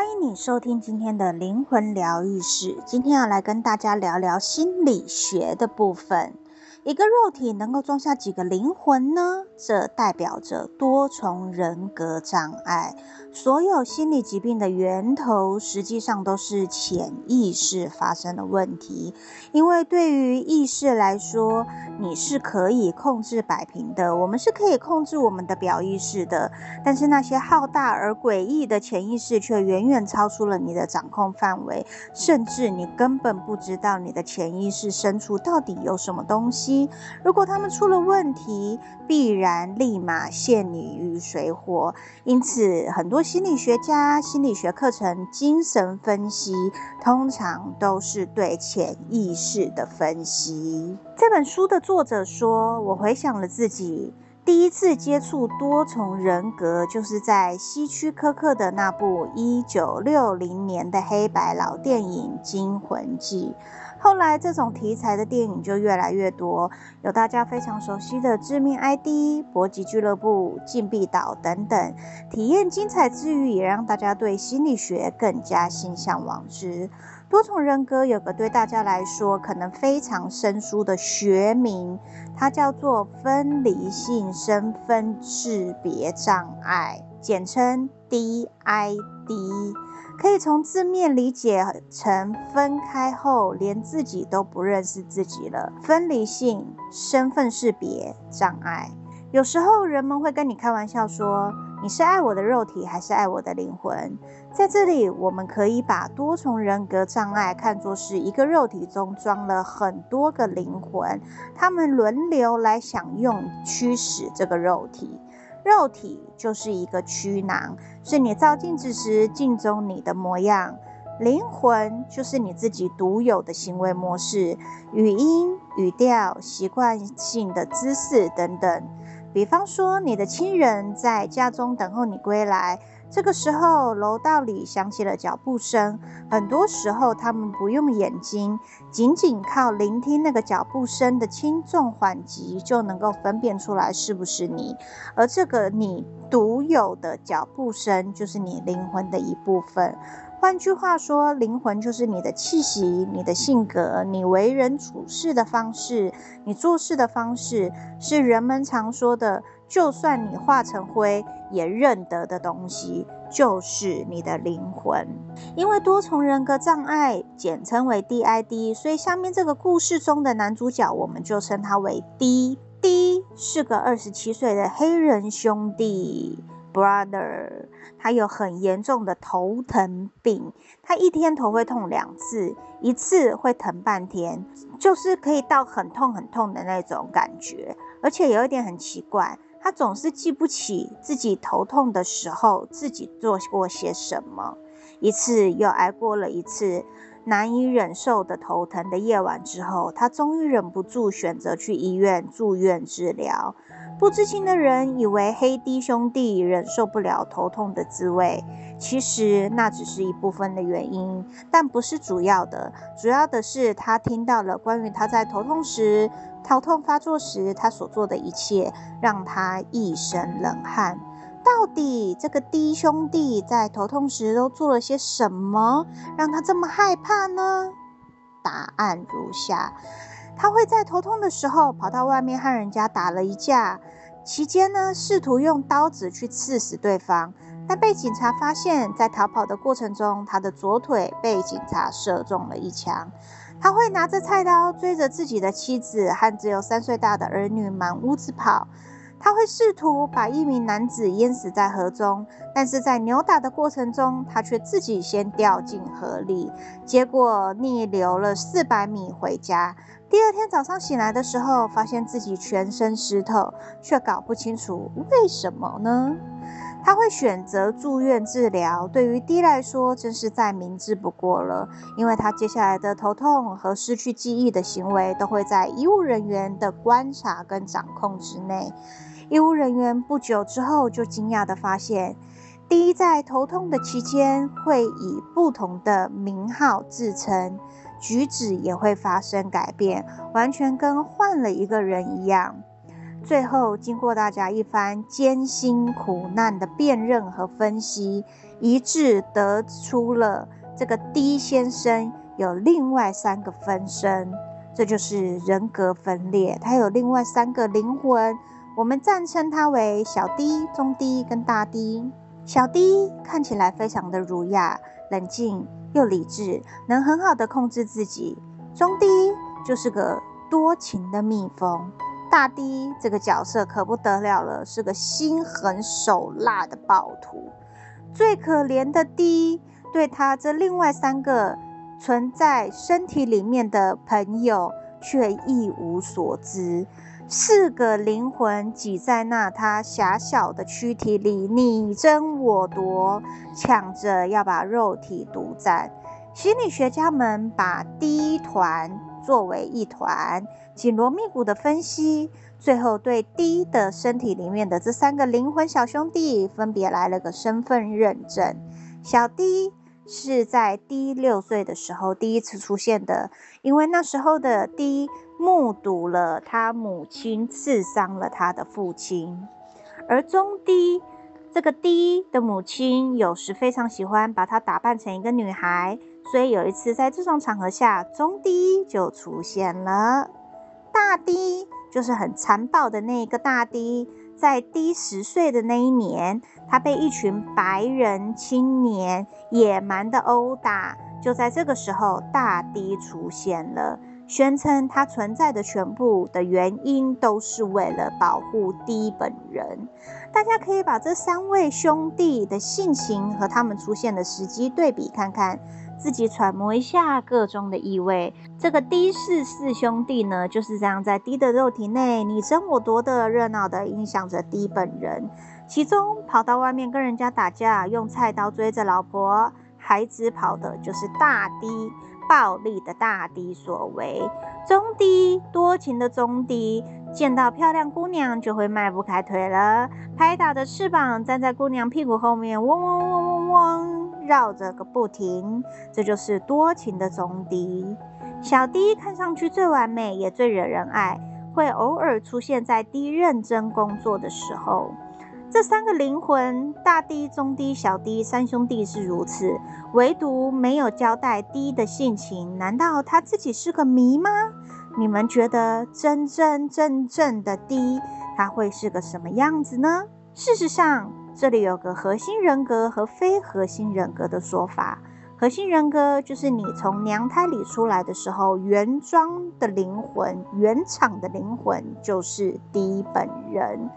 歡迎你收聽今天的靈魂療癒室。今天要來跟大家聊聊心理學的部分。一個肉體能夠裝下幾個靈魂呢？這代表着多重人格障礙。所有心理疾病的源頭，實際上都是潛意識發生的問題。因為對於意識來說，你是可以控制擺平的。我們是可以控制我們的表意識的，但是那些浩大而詭異的潛意識，卻遠遠超出了你的掌控範圍，甚至你根本不知道你的潛意識深處到底有什麼東西。如果他們出了問題，必然立馬陷你於水火。因此，很多心理學家、心理學課程、精神分析，通常都是對潛意識的分析。這本書的作者說：“我回想了自己第一次接觸多重人格，就是在希區柯克的那部一九六零年的黑白老電影《驚魂記》。”後來，這種題材的電影就越來越多，有大家非常熟悉的《致命 ID》《搏擊俱樂部》《禁閉島》等等。體驗精彩之餘，也讓大家對心理學更加心向往之。多重人格有個對大家來說可能非常生疏的學名，它叫做分離性身份識別障礙。簡稱 DID，可以從字面理解成分開後連自己都不認識自己了。分離性身份識別障礙。有時候人們會跟你開玩笑說，你是愛我的肉體還是愛我的靈魂？在這裡，我們可以把多重人格障礙看作是一個肉體中裝了很多個靈魂，他們輪流來享用驅使這個肉體。肉體就是一個軀囊，是你照鏡子時鏡中你的模樣；靈魂就是你自己獨有的行為模式、語音、語調、習慣性的姿勢等等。比方說，你的親人在家中等候你歸來。這個時候，樓道裡響起了腳步聲。很多時候，他們不用眼睛，僅僅靠聆聽那個腳步聲的輕重緩急，就能夠分辨出來是不是你。而這個你獨有的腳步聲，就是你靈魂的一部分。換句話說，靈魂就是你的氣息、你的性格、你為人處事的方式、你做事的方式，是人們常說的，就算你化成灰也認得的東西，就是你的靈魂。因為多重人格障礙，簡稱為 DID，所以下面這個故事中的男主角，我們就稱他為滴滴，是個二十七歲的黑人兄弟，brother。他有很嚴重的頭疼病，他一天頭會痛兩次，一次會疼半天，就是可以到很痛很痛的那種感覺。而且有一點很奇怪。他總是記不起自己頭痛的時候自己做過些什麼，一次又挨過了一次。難以忍受的頭疼的夜晚之後，他終於忍不住選擇去醫院住院治療。不知情的人以為黑弟兄弟忍受不了頭痛的滋味，其實那只是一部分的原因，但不是主要的。主要的是他聽到了關於他在頭痛時，頭痛發作時他所做的一切，讓他一身冷汗。到底這個低兄弟在頭痛時都做了些什麼，讓他這麼害怕呢？答案如下：他會在頭痛的時候跑到外面和人家打了一架，期間呢，試圖用刀子去刺死對方，但被警察發現。在逃跑的過程中，他的左腿被警察射中了一槍。他會拿着菜刀追着自己的妻子和只有三歲大的兒女滿屋子跑。他會試圖把一名男子淹死在河中，但是在扭打的過程中，他卻自己先掉進河裡，結果逆流了四百米回家。第二天早上醒來的時候，發現自己全身濕透，卻搞不清楚為什麼呢？他會選擇住院治療，對於 D 來說，真是再明智不過了，因為他接下來的頭痛和失去記憶的行為都會在醫務人員的觀察跟掌控之內。醫務人員不久之後就驚訝地發現，D 在頭痛的期間會以不同的名號自稱，舉止也會發生改變，完全跟換了一個人一樣。最後，經過大家一番艱辛苦難的辨認和分析，一致得出了這個 D 先生有另外三個分身，這就是人格分裂，他有另外三個靈魂。我們暫稱他為小 D、中 D 跟大 D。小 D 看起來非常的儒雅、冷靜又理智，能很好的控制自己。中 D 就是個多情的蜜蜂。大 D 這個角色可不得了了，是個心狠手辣的暴徒。最可憐的 D，對他這另外三個存在身體裡面的朋友卻一無所知。四個靈魂擠在那他狹小的軀體裡，你爭我奪，搶着要把肉體獨占。心理學家們把 D 團作為一團，緊鑼密鼓的分析，最後對 D 的身體裡面的這三個靈魂小兄弟分別來了個身份認證。小 D 是在 D 六歲的時候第一次出現的，因為那時候的 D。目睹了他母親刺傷了他的父親，而中低這個低的母親有時非常喜歡把他打扮成一個女孩，所以有一次在這種場合下，中低就出現了。大低就是很殘暴的那一個大低，在低十歲的那一年，他被一群白人青年野蠻的毆打，就在這個時候，大低出現了。宣稱他存在的全部的原因都是為了保護低本人。大家可以把這三位兄弟的性情和他們出現的時機對比看看，自己揣摩一下個中的意味。這個的氏四兄弟呢，就是這樣在低的肉體內你爭我奪的熱鬧的影響着低本人。其中跑到外面跟人家打架，用菜刀追着老婆孩子跑的就是大低。暴力的大低所為。中低，多情的中低見到漂亮姑娘就會邁不開腿了，拍打着翅膀站在姑娘屁股後面嗡嗡嗡嗡嗡，繞着個不停。這就是多情的中低。小低看上去最完美，也最惹人愛，會偶爾出現在低認真工作的時候。這三個靈魂，大 D、中 D、小 D 三兄弟是如此，唯獨沒有交代 D 的性情。難道他自己是個謎嗎？你們覺得真真正正的 D，他會是個什麼樣子呢？事實上，這裡有個核心人格和非核心人格的說法。核心人格就是你從娘胎裡出來的時候，原裝的靈魂、原廠的靈魂，就是 D 本人。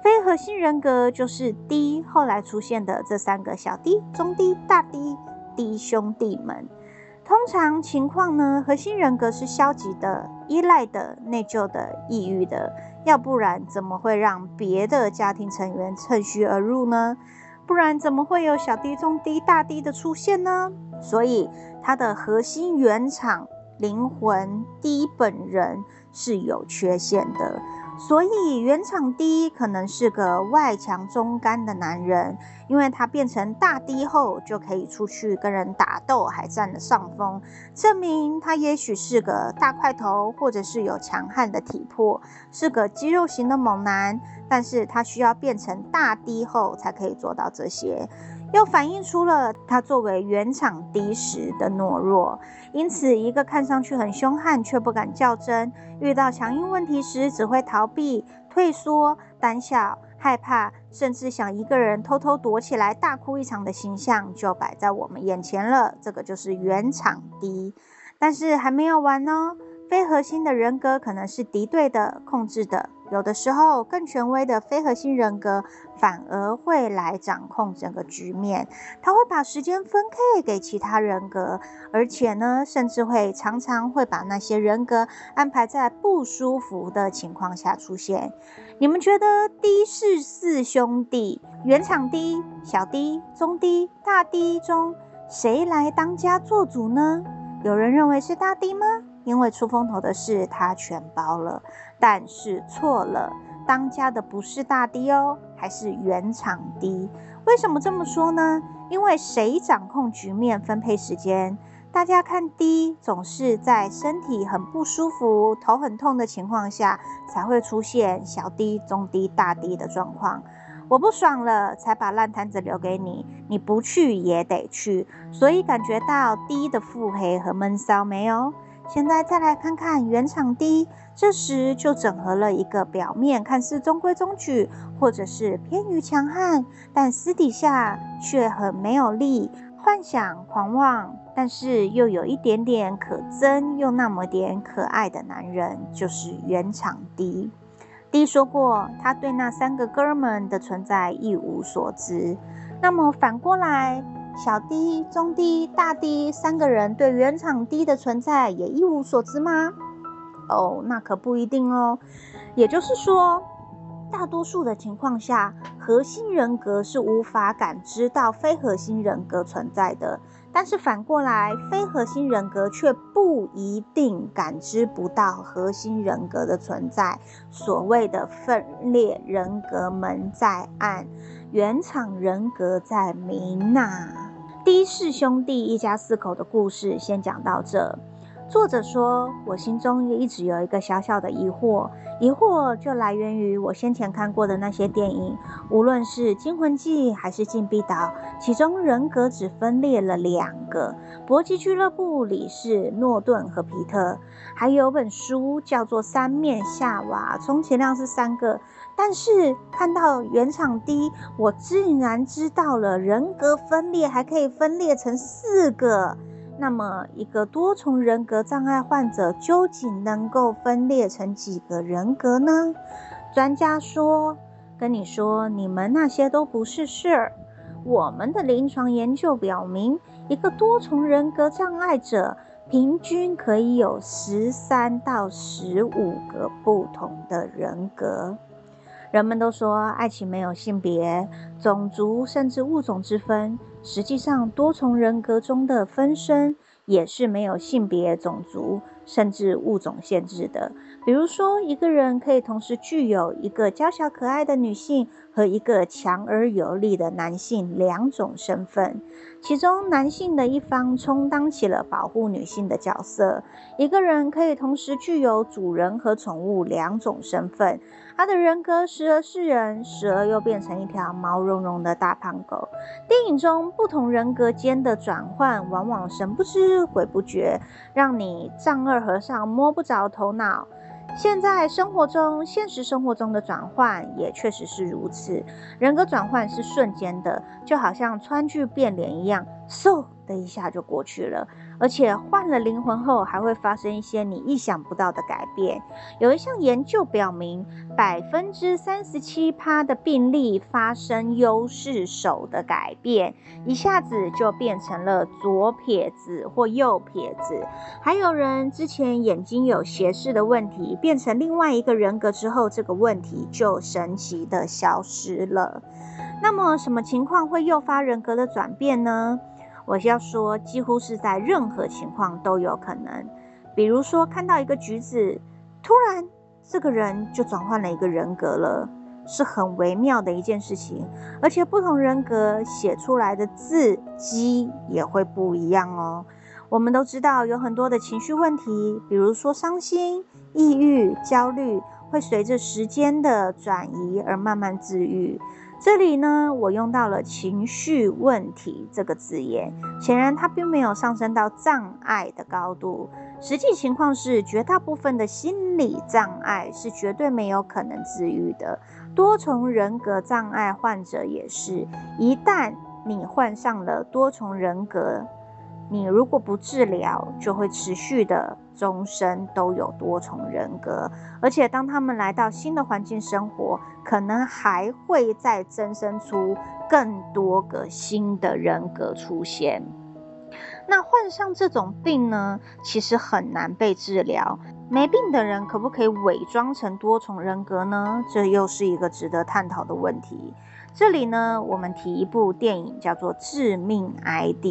非核心人格就是 D，後來出現的這三個小 D、中 D、大 D，D 兄弟們。通常情況呢，核心人格是消極的、依賴的、內疚的、抑鬱的，要不然怎麼會讓別的家庭成員趁虛而入呢？不然怎麼會有小 D、中 D、大 D 的出現呢？所以，他的核心原廠靈魂 D 本人是有缺陷的。所以原廠 D 可能是個外強中乾的男人，因為他變成大 D 後就可以出去跟人打鬥，還占了上風，證明他也許是個大塊頭，或者是有強悍的體魄，是個肌肉型的猛男。但是他需要變成大 D 後才可以做到這些。又反映出了他作為原廠敵時的懦弱，因此一個看上去很凶悍卻不敢較真，遇到強硬問題時只會逃避、退縮、膽小、害怕，甚至想一個人偷偷躲起來大哭一場的形象就擺在我們眼前了。這個就是原廠敵，但是還沒有完哦，非核心的人格可能是敵對的、控制的，有的時候更權威的非核心人格。反而會來掌控整個局面，他會把時間分配給其他人格，而且呢，甚至會常常會把那些人格安排在不舒服的情況下出現。你們覺得的是四兄弟，原廠的小的、中的、大的中，誰來當家做主呢？有人認為是大的嗎？因為出風頭的事他全包了，但是錯了。當家的不是大 D 哦，還是原廠 D。為什麼這麼說呢？因為誰掌控局面、分配時間？大家看，D，總是在身體很不舒服、頭很痛的情況下，才會出現小 D、中 D、大 D 的狀況。我不爽了，才把爛攤子留給你，你不去也得去。所以感覺到 D 的腹黑和悶騷沒有哦？現在再來看看原廠 D，這時就整合了一個表面看似中規中矩，或者是偏於強悍，但私底下卻很沒有力、幻想、狂妄，但是又有一點點可憎又那麼點可愛的男人，就是原廠 D。D 說過，他對那三個哥們的存在一無所知。那麼反過來。小的、中的、大的，三個人對原廠低的存在也一無所知嗎？哦，那可不一定哦。也就是說，大多數的情況下，核心人格是無法感知到非核心人格存在的。但是反過來，非核心人格卻不一定感知不到核心人格的存在。所謂的分裂人格們在暗，原廠人格在明吶。李氏兄弟一家四口的故事，先講到這。作者說：“我心中也一直有一個小小的疑惑，疑惑就來源於我先前看過的那些電影，無論是《驚魂記》還是《禁閉島》，其中人格只分裂了兩個。搏擊俱樂部裡是諾頓和皮特，還有本書叫做《三面夏娃》，充其量是三個。但是看到原廠低，我竟然知道了人格分裂還可以分裂成四個。”那麼，一個多重人格障礙患者究竟能夠分裂成幾個人格呢？專家說：“跟你說，你們那些都不是事兒。我們的臨床研究表明，一個多重人格障礙者平均可以有十三到十五個不同的人格。”人們都說，愛情沒有性別、種族甚至物種之分。實際上，多重人格中的分身也是沒有性別、種族，甚至物種限制的。比如說，一個人可以同時具有一個嬌小可愛的女性。和一個強而有力的男性兩種身份，其中男性的一方充當起了保護女性的角色。一個人可以同時具有主人和寵物兩種身份，他的人格時而是人，時而又變成一條毛茸茸的大胖狗。電影中不同人格間的轉換，往往神不知鬼不覺，讓你丈二和尚摸不着頭腦。現在生活中，現實生活中的轉換也確實是如此。人格轉換是瞬間的，就好像川劇變臉一樣，嗖的一下就過去了。而且換了靈魂後，還會發生一些你意想不到的改變。有一項研究表明，百分之三十七趴的病例發生優勢手的改變，一下子就變成了左撇子或右撇子。還有人之前眼睛有斜視的問題，變成另外一個人格之後，這個問題就神奇的消失了。那麼，什麼情況會誘發人格的轉變呢？我要說，幾乎是在任何情況都有可能。比如說，看到一個橘子，突然這個人就轉換了一個人格了，是很微妙的一件事情。而且不同人格寫出來的字跡也會不一樣哦。我們都知道有很多的情緒問題，比如說傷心、抑鬱、焦慮，會隨着時間的轉移而慢慢治癒。這裡呢，我用到了“情緒問題”這個字眼，顯然它並沒有上升到障礙的高度。實際情況是，絕大部分的心理障礙是絕對沒有可能治癒的。多重人格障礙患者也是，一旦你患上了多重人格，你如果不治療，就會持續的終身都有多重人格，而且當他們來到新的環境生活，可能還會再增生出更多個新的人格出現。那患上這種病呢，其實很難被治療。沒病的人可不可以偽裝成多重人格呢？這又是一個值得探討的問題。這裡呢，我們提一部電影，叫做《致命 ID》。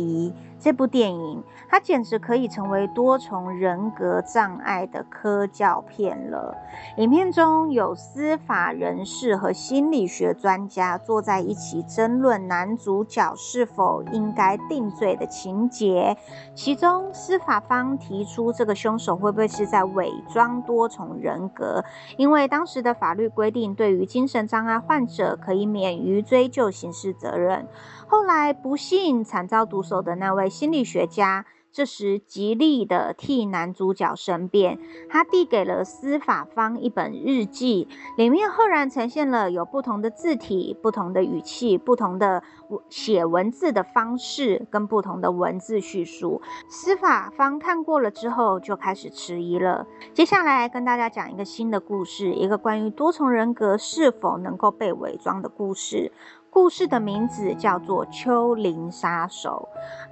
這部電影它簡直可以成為多重人格障礙的科教片了。影片中有司法人士和心理學專家坐在一起爭論男主角是否應該定罪的情節，其中司法方提出這個兇手會不會是在偽裝多重人格？因為當時的法律規定，對於精神障礙患者可以免於追究刑事責任。後來不幸慘遭毒手的那位。心理學家這時極力的替男主角申辯，他遞給了司法方一本日記，裡面赫然呈現了有不同的字體、不同的語氣、不同的寫文字的方式跟不同的文字敘述。司法方看過了之後就開始遲疑了。接下來跟大家講一個新的故事，一個關於多重人格是否能夠被偽裝的故事。故事的名字叫做《丘陵殺手》。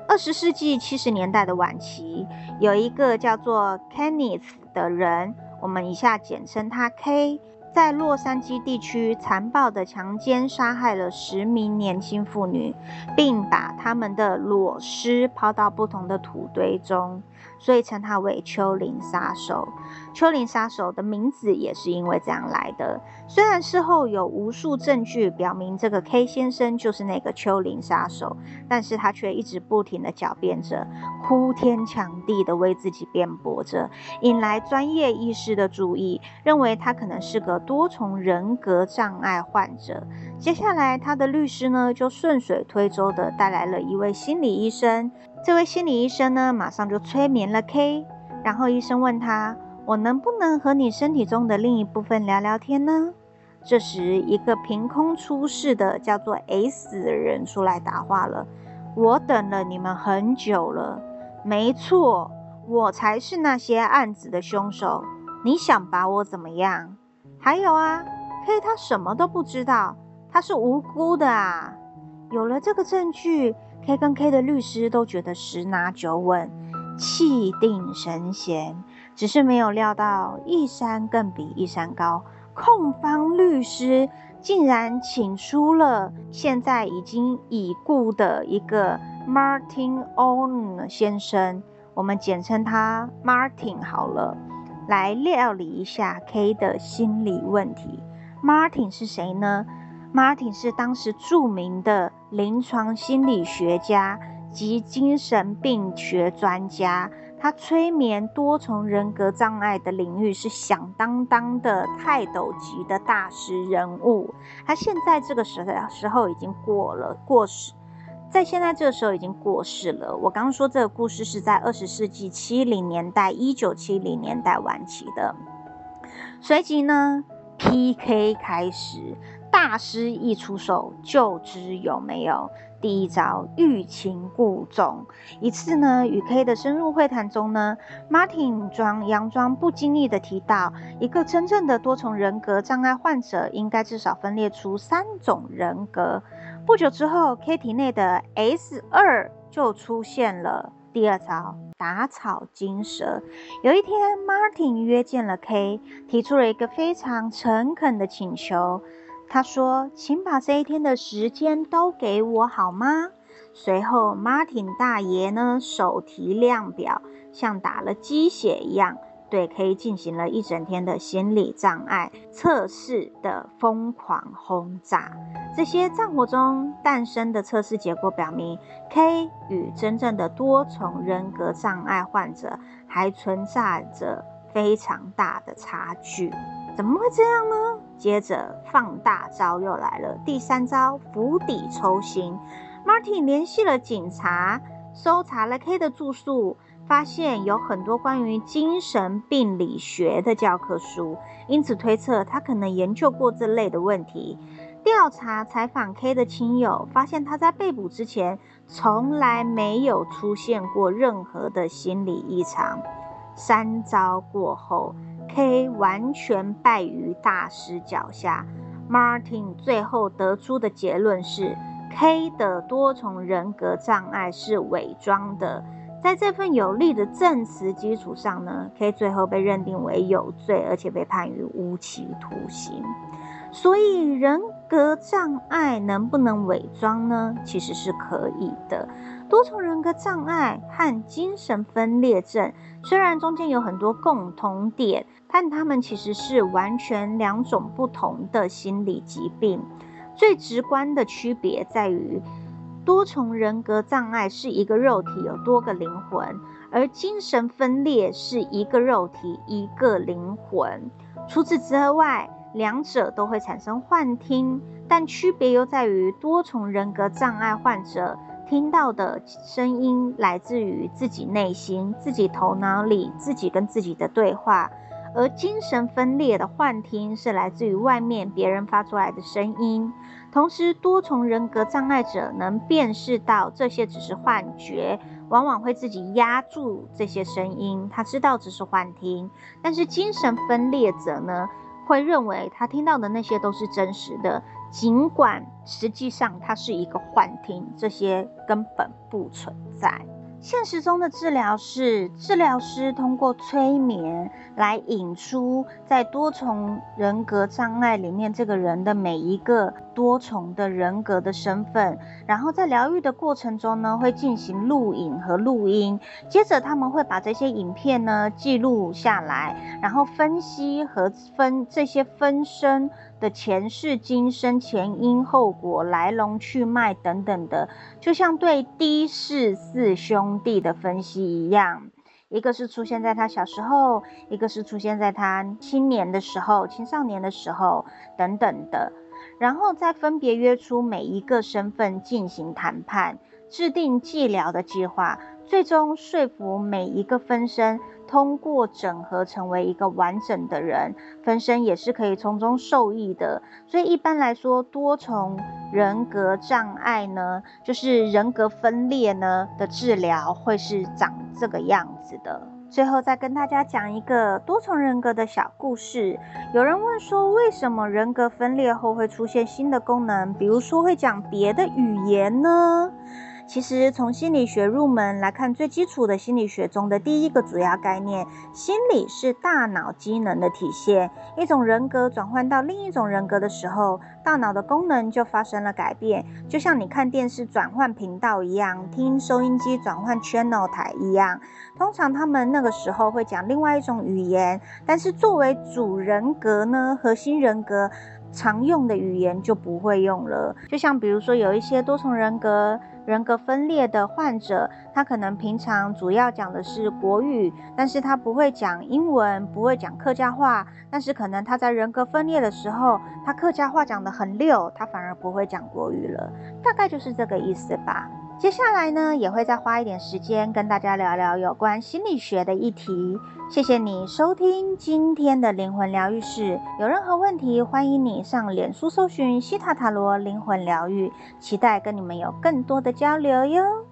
二十世紀七十年代的晚期，有一個叫做 Kenneth 的人，我們以下簡稱他 K。在洛杉磯地區，殘暴的強姦殺害了十名年輕婦女，並把他們的裸屍拋到不同的土堆中，所以稱他為“丘陵殺手”。丘陵殺手的名字也是因為這樣來的。雖然事後有無數證據表明這個 K 先生就是那個丘陵殺手，但是他卻一直不停的狡辯着，哭天搶地的為自己辯駁着，引來專業醫師的注意，認為他可能是個。多重人格障礙患者，接下來他的律師呢就順水推舟的帶來了一位心理醫生。這位心理醫生呢馬上就催眠了 K，然後醫生問他：“我能不能和你身體中的另一部分聊聊天呢？”這時，一個憑空出世的叫做 S 的人出來答話了：“我等了你們很久了，沒錯，我才是那些案子的凶手。你想把我怎麼樣？”還有啊，K 他什麼都不知道，他是無辜的啊。有了這個證據，K 跟 K 的律師都覺得十拿九穩，氣定神閒。只是沒有料到，一山更比一山高，控方律師竟然請出了現在已經已故的一個 Martin Orne 先生，我們簡稱他 Martin 好了。來料理一下 K 的心理問題。Martin 是誰呢？Martin 是當時著名的臨床心理學家及精神病學專家，他催眠多重人格障礙的領域是響當當的泰斗級的大師人物。他現在這個時代時候已經過了過時。在現在這個時候已經過世了。我剛剛說這個故事是在二十世紀七零年代，一九七零年代晚期的。隨即呢，PK 開始，大師一出手就知有沒有。第一招欲擒故縱。一次呢，與 K 的深入會談中呢，Martin 裝佯裝不經意地提到，一個真正的多重人格障礙患者應該至少分裂出三種人格。不久之後 K 體內的 S 二就出現了。第二招，打草驚蛇。有一天，Martin 約見了 K，提出了一個非常誠懇的請求。他說：“請把這一天的時間都給我好嗎？”隨後，Martin 大爺呢，手提量表，像打了雞血一樣。對 K 進行了一整天的心理障礙測試的瘋狂轟炸，這些戰火中誕生的測試結果表明，K 與真正的多重人格障礙患者還存在着非常大的差距。怎麼會這樣呢？接着放大招又來了，第三招釜底抽薪。Martin 聯繫了警察，搜查了 K 的住宿。發現有很多關於精神病理學的教科書，因此推測他可能研究過這類的問題。調查採訪 K 的親友，發現他在被捕之前從來沒有出現過任何的心理異常。三招過後，K 完全敗於大師腳下。Martin 最後得出的結論是，K 的多重人格障礙是偽裝的。在這份有力的證詞基礎上呢，可以最後被認定為有罪，而且被判於無期徒刑。所以人格障礙能不能偽裝呢？其實是可以的。多重人格障礙和精神分裂症雖然中間有很多共同點，但它們其實是完全兩種不同的心理疾病。最直觀的區別在於，多重人格障礙是一個肉體有多個靈魂，而精神分裂是一個肉體一個靈魂。除此之外，兩者都會產生幻聽，但區別又在於多重人格障礙患者聽到的聲音來自於自己內心、自己頭腦裡、自己跟自己的對話。而精神分裂的幻聽是來自於外面別人發出來的聲音，同時多重人格障礙者能辨識到這些只是幻覺，往往會自己壓住這些聲音，他知道只是幻聽。但是精神分裂者呢，會認為他聽到的那些都是真實的，儘管實際上它是一個幻聽，這些根本不存在。現實中的治療是治療師通過催眠來引出在多重人格障礙裡面這個人的每一個多重的人格的身份，然後在療癒的過程中呢，會進行錄影和錄音，接着他們會把這些影片呢記錄下來，然後分析和分這些分身，的前世今生、前因後果、來龍去脈等等的，就像對的士四兄弟的分析一樣，一個是出現在他小時候，一個是出現在他青年的時候、青少年的時候等等的，然後再分別約出每一個身份進行談判，制定治療的計劃，最終說服每一個分身。通過整合成為一個完整的人，分身也是可以從中受益的。所以一般來說，多重人格障礙呢，就是人格分裂呢的治療會是長這個樣子的。最後再跟大家講一個多重人格的小故事。有人問說，為什麼人格分裂後會出現新的功能，比如說會講別的語言呢？其實，從心理學入門來看，最基礎的心理學中的第一個主要概念，心理是大腦機能的體現。一種人格轉換到另一種人格的時候，大腦的功能就發生了改變，就像你看電視轉換頻道一樣，聽收音機轉換 channel 台一樣。通常他們那個時候會講另外一種語言，但是作為主人格呢，核心人格常用的語言就不會用了。就像比如說有一些多重人格、人格分裂的患者，他可能平常主要講的是國語，但是他不會講英文，不會講客家話。但是可能他在人格分裂的時候，他客家話講得很溜，他反而不會講國語了。大概就是這個意思吧。接下來呢，也會再花一點時間跟大家聊聊有關心理學的議題。謝謝你收聽今天的靈魂療癒室，有任何問題，歡迎你上臉書搜尋希塔塔羅靈魂療癒，期待跟你們有更多的交流喲。